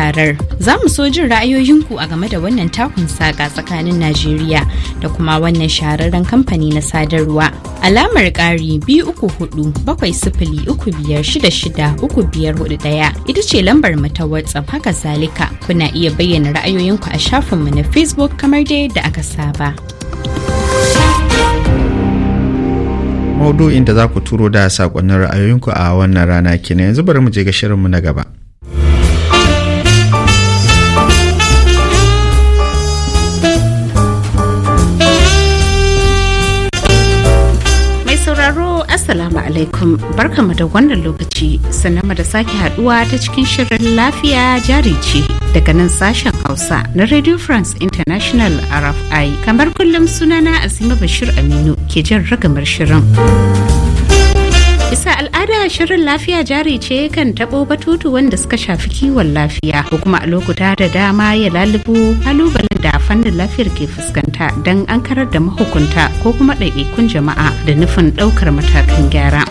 tarar. Za mu so jin ra'ayoyinku a game da wannan takun saƙa tsakanin Najeriya da kuma wannan shahararren kamfani na sadarwa. Alamar ƙari biyu uku hudu bakwai sifili uku biyar shida shida uku biyar hudu ɗaya ita ce lambar mu ta WhatsApp haka zalika kuna iya bayyana ra'ayoyinku a shafinmu na Facebook kamar dai da aka saba. maudu'in da za ku turo da sakonnin ra'ayoyinku a wannan rana kenan yanzu bari mu je ga shirinmu na gaba. Assalamu alaikum barkamu da wannan lokaci sannan da sake haduwa ta cikin shirin lafiya jari ce daga nan sashen Hausa na Radio France International RFI kamar kullum sunana Azima Bashir Aminu ke jan ragamar shirin. al'ada shirin lafiya jari ce kan taɓo batutu wanda suka shafi kiwon lafiya ko kuma a lokuta da dama ya lalubu kalubalen da fannin lafiyar ke fuskanta don an karar da mahukunta ko kuma ɗaiɗaikun jama'a da nufin ɗaukar matakan gyara.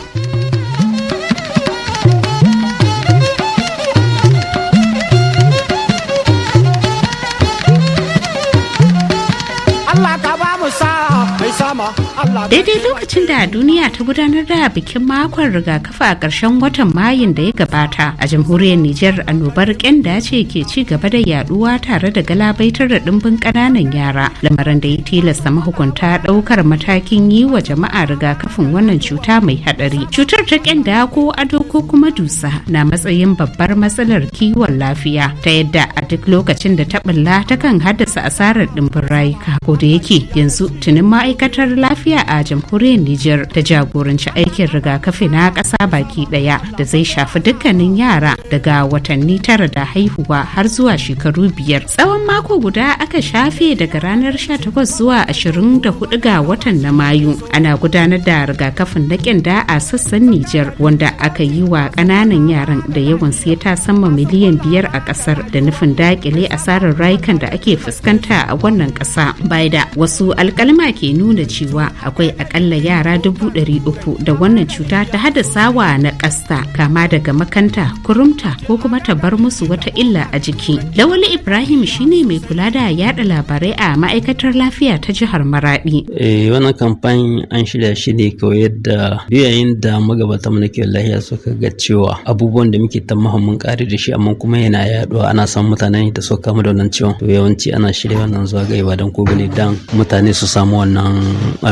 Allah ka ba mu sa mai sama. daidai lokacin da duniya ta gudanar da bikin makon rigakafi a ƙarshen watan mayun da ya gabata a jamhuriyar nijar annobar ƙyanda ce ke ci gaba da yaduwa tare da galabaitar da ɗimbin ƙananan yara lamarin da ya tilasta mahukunta ɗaukar matakin yi wa jama'a rigakafin wannan cuta mai haɗari cutar ta ƙyanda ko ado ko kuma dusa na matsayin babbar matsalar kiwon lafiya ta yadda a duk lokacin da ta ɓulla takan haddasa asarar ɗimbin rayuka ko da yake yanzu tunin ma'aikatar lafiya lafiya a jamhuriyar Nijar ta jagoranci aikin rigakafi na ƙasa baki ɗaya da zai shafi dukkanin yara daga watanni tara da haihuwa har zuwa shekaru biyar. Tsawon mako guda aka shafe daga ranar 18 zuwa 24 ga watan na Mayu. Ana gudanar da rigakafin na ƙyanda a sassan Nijar wanda aka yi wa ƙananan yaran da yawan sai ta sama miliyan biyar a ƙasar da nufin daƙile asarar rayukan da ake fuskanta a wannan ƙasa. Bai da wasu alƙalma ke nuna cewa akwai akalla yara dubu ɗari uku da wannan cuta ta haddasa wa na ƙasta kama daga makanta kurumta ko kuma ta bar musu wata illa a jiki lawali ibrahim shine mai kula da yada labarai a ma'aikatar lafiya ta jihar maradi eh wannan kamfani an shirya shi ne kawai yadda yayin da magabata mana ke lafiya suka ga cewa abubuwan da muke ta mun kare da shi amma kuma yana yaduwa ana san mutanen da suka kama da wannan ciwon to yawanci ana shirya wannan zuwa ga ibadan ko bane dan mutane su samu wannan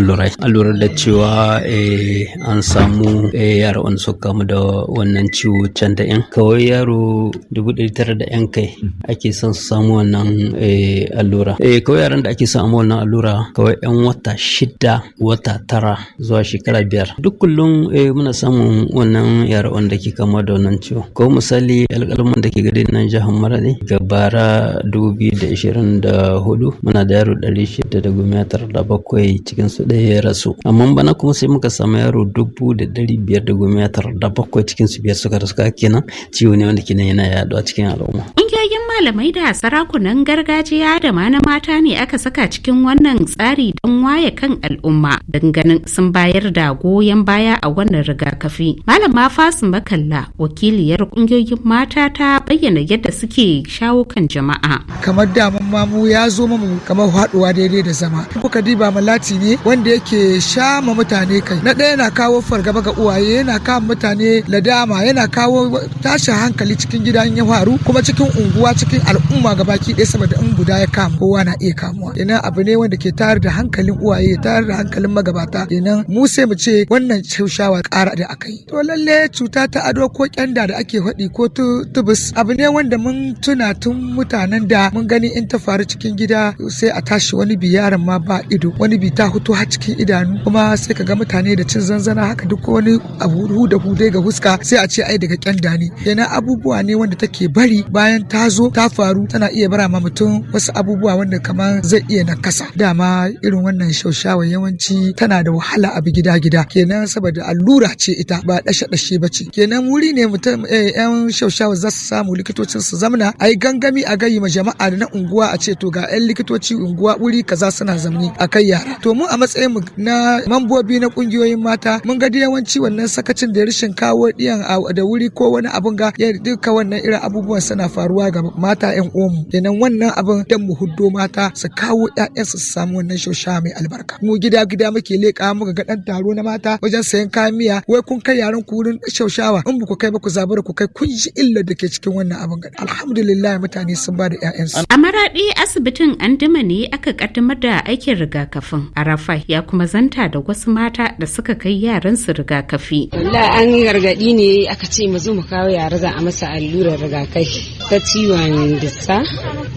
allurai allurar da cewa eh, an samu eh, yara wanda suka kamu da wannan ciwo can da yan kawai yaro dubu ɗari tara da yan kai ake son su samu wannan eh, allura kawai yaran da ake samu wannan allura kawai yan wata shida wata tara zuwa shekara biyar duk kullum muna samun wannan yara wanda ke kama da wannan ciwo ko misali alƙalman da ke gari nan jihar Mara ga bara dubu biyu da ishirin da hudu muna da yaro ɗari shida da goma tara da bakwai cikin su ɗaya ya rasu amma bana kuma sai muka samu yaro dubu da dari biyar da goma tara da bakwai cikin su biyar suka rasu kenan ciwo ne wanda kenan yana yaduwa cikin al'umma ƙungiyoyin malamai da sarakunan gargajiya da ma na mata ne aka saka cikin wannan tsari don waye kan al'umma ganin sun bayar da goyon baya a wannan rigakafi malama fasu makalla wakiliyar ƙungiyoyin mata ta bayyana yadda suke shawo kan jama'a kamar daman mamu ya zo mamu kamar haɗuwa daidai da zama kuka diba malati ne wanda da yake shama mutane kai na ɗaya yana kawo fargaba ga uwaye yana kawo mutane ladama yana kawo tashin hankali cikin gida in ya faru kuma cikin unguwa cikin al'umma gabaki ɗaya saboda in guda ya kama kowa na iya kamuwa ina abu ne wanda ke tayar da hankalin uwaye ya tayar da hankalin magabata kenan mu sai mu ce wannan shawarar ƙara da aka yi to lalle cuta ta ado ko kyanda da ake faɗi ko tubus abu ne wanda mun tuna tun mutanen da mun gani in ta faru cikin gida sai a tashi wani bi yaron ma ba ido wani bi ta hutu har cikin idanu kuma sai ka ga mutane da cin zanzana haka duk wani abu huda hude ga huska sai a ce ai daga kyanda ne yana abubuwa ne wanda take bari bayan ta zo ta faru tana iya bara ma mutum wasu abubuwa wanda kamar zai iya na kasa. dama irin wannan shaushawa yawanci tana da wahala a gida gida kenan saboda allura ce ita ba dashe dashe ba ce kenan wuri ne mutum eh, yan shaushawa za su samu likitocin su zamna ai gangami a gayi ma jama'a na unguwa a ce to ga yan likitoci unguwa wuri kaza suna zamni akai yara to mu a matsayin mu na mambobi na kungiyoyin mata mun ga yawanci wannan sakacin da rashin kawo diyan da wuri ko wani abun ga ya duka wannan irin abubuwan suna faruwa ga mata yan uwanmu kenan wannan abun dan mu huddo mata su kawo ƴaƴan su samu wannan shosha mai albarka mu gida gida muke leka muka ga dan taro na mata wajen sayan kayan miya wai kun kai yaran ku wurin shaushawa in ku kai ba ku zabura ku kai kun ji illar da ke cikin wannan abin ga alhamdulillah mutane sun ba da su a maradi asibitin an dima ne aka kaddamar da aikin rigakafin arafai ya ya kuma zanta da wasu mata da suka kai yaransu rigakafi. Walla an gargaɗi ne aka ce mu zo mu kawo yara za a masa allurar rigakafi ta ciwon dissa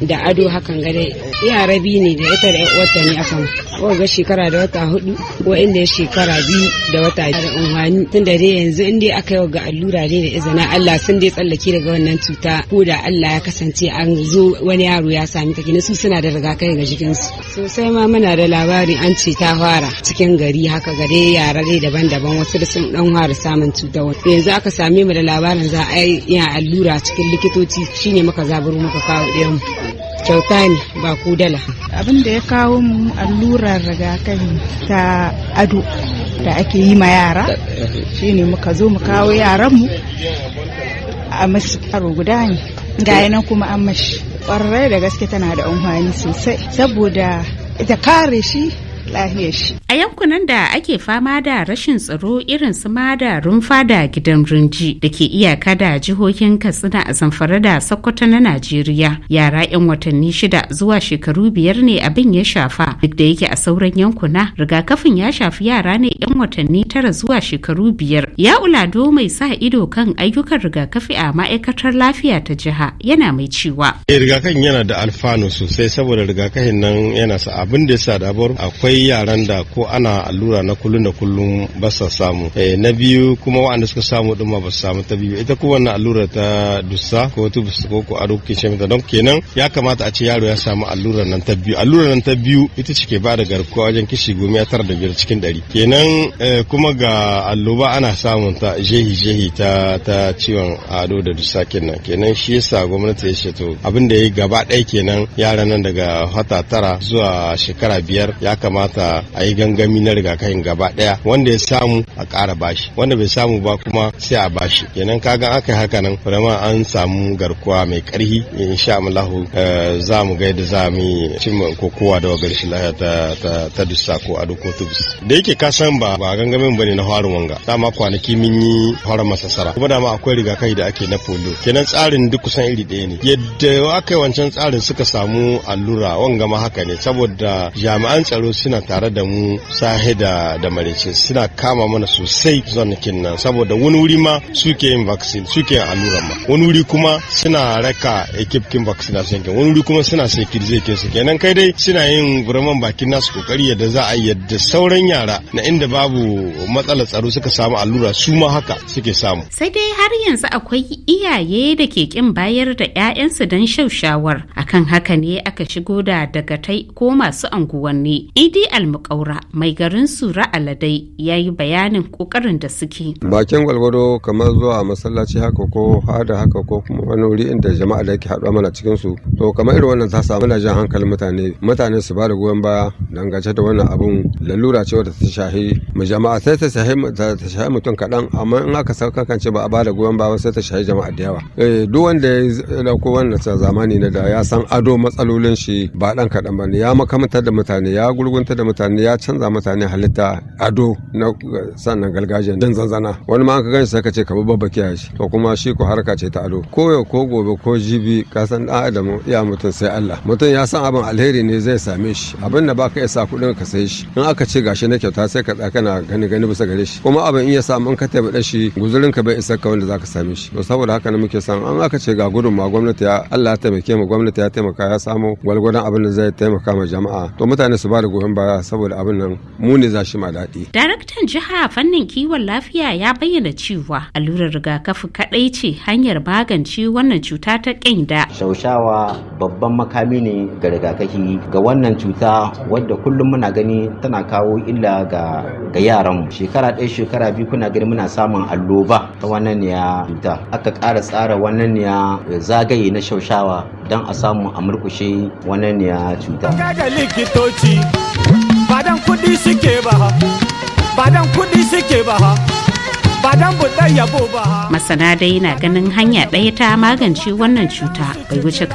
da ado hakan gare yara biyu ne da ita da wata ne akan ga shekara da wata hudu ko inda shekara biyu da wata da unwani tun da dai yanzu in aka yi ga allura dai da izina Allah sun dai tsallake daga wannan cuta ko da Allah ya kasance an zo wani yaro ya sami ta gina su suna da rigakafi ga jikin su. sosai ma muna da labari an ce ta fara cikin gari haka gare yara dai daban-daban wasu da sun dan fara samun cuta yanzu aka same mu da labarin za a yi allura cikin likitoci shine muka zaburo muka kawo ɗayan kyauta ne ba ku dala. Abin da ya kawo mu allurar rigakafi ta ado da ake yi ma yara shine muka zo mu kawo mu a masu karo guda ne. Gaya nan kuma an mashi. kwarai da gaske tana da amfani sosai saboda ita kare shi A yankunan da ake fama da rashin tsaro irin su da rumfa da gidan rinji da ke iyaka da jihohin Katsina a zamfara da Sokoto na Najeriya yara 'yan watanni shida zuwa shekaru biyar ne abin ya shafa duk da yake a sauran yankuna rigakafin ya shafi yara ne 'yan watanni tara zuwa shekaru biyar. Ya ulado mai sa ido kan ayyukan rigakafi a ma'aikatar lafiya ta jiha yana mai cewa. Eh, rigakafin yana da alfanu sosai saboda rigakafin nan yana sa abin da ya sa dabar akwai akwai yaran da ko ana allura na kullum da kullum ba sa samu eh, na biyu kuma waɗanda suka samu ɗin ma ba su samu ta biyu ita kuma na allura ta dusa ko tubus ko ko aro kuke shemita don kenan ya kamata a ce yaro ya samu allura nan ta biyu allura nan ta biyu ita ce ke ba da garkuwa wajen kishi gumi ya tara da biyar cikin ɗari kenan eh, kuma ga alloba ana samun ta jehi jehi ta ta ciwon ado da dusa kenan kenan shi yasa gwamnati ya ce to abin da ya yi gaba ɗaya kenan yaran nan daga wata tara zuwa shekara biyar ya kamata kamata a yi gangami na rigakafin gaba daya wanda ya samu a kara bashi wanda bai samu ba kuma sai a bashi kenan kaga aka haka nan kuma an samu garkuwa mai karhi insha Allah eh, za mu ga yadda za mu cin kokowa da wagar shi ta ta ta dusa ko a duk tubus da yake ka san ba ba gangamin bane na harin wanga dama kwanaki mun yi horar masasara kuma dama akwai rigakafi da ake na polio kenan tsarin duk kusan iri ɗaya ne yadda aka yi wancan tsarin suka samu allura wanga ma haka ne saboda jami'an tsaro suna tare da mu sahe da da suna kama mana sosai zanakin nan saboda wani wuri ma suke yin vaccine suke yin allura ma wani wuri kuma suna raka ekipkin vaccination wani wuri kuma suna zai ke su kenan kai dai suna yin buraman bakin nasu kokari yadda za a yadda sauran yara na inda babu matsalar tsaro suka samu allura su ma haka suke samu sai dai har yanzu akwai iyaye da ke kin bayar da 'ya'yansu don shaushawar akan haka ne aka shigo da dagatai ko masu anguwanni idi almukaura mai garin sura aladai ya yi bayanin kokarin da suke bakin gwalgwado kamar zuwa masallaci haka ko hada haka ko kuma wani wuri inda jama'a da ke haɗuwa mana cikin su to kamar irin wannan ta samu na jan hankalin mutane mutane su ba da goyon baya dangance da wannan abun lalura ce wadda ta shahi mu jama'a sai ta shahi ta shahi mutum kaɗan amma in aka sauka kankan ce ba a ba da goyon baya sai ta shahi jama'a da yawa eh, duk wanda ya dauko wannan zamani na da ya san ado matsalolin shi ba ɗan kaɗan ba ne ya makamantar da mutane ya gurgunta bambanta da mutane ya canza mutane halitta ado na sannan gargajiya zanzana wani ma an ka gani sai ka ce ka babba kiyaye shi to kuma shi ko harka ce ta ado ko yau ko gobe ko jibi ka san dan adam ya mutum sai Allah mutum ya san abin alheri ne zai same shi abin da baka isa kudin ka sai shi in aka ce gashi na kyauta sai ka tsaka na gani gani bisa gare shi kuma abin in ya samu in ka taimaka shi guzurin ka bai isa ka wanda zaka same shi to saboda haka ne muke san an aka ce ga gudun ma gwamnati ya Allah ya taimake mu gwamnati ya taimaka ya samu gwalgwadon abin da zai taimaka ma jama'a to mutane su ba da goyon baya saboda abin nan mu ne za shi ma daɗi. Daraktan jiha fannin kiwon lafiya ya bayyana cewa allurar rigakafi kaɗai ce hanyar magance wannan cuta ta ƙyanda. Shaushawa babban makami ne ga rigakafi ga wannan cuta wadda kullum muna gani tana kawo illa ga ga mu. Shekara ɗaya shekara biyu kuna gani muna samun alloba ta wannan ya cuta. Aka ƙara tsara wannan ya zagaye na shaushawa don a samu a murkushe wannan ya cuta. likitoci badan kuɗi suke ba ha badan kudi suke ba ha badan dan yabo ba ha masana dai na ganin hanya ɗaya ta magance wannan cuta bai wuce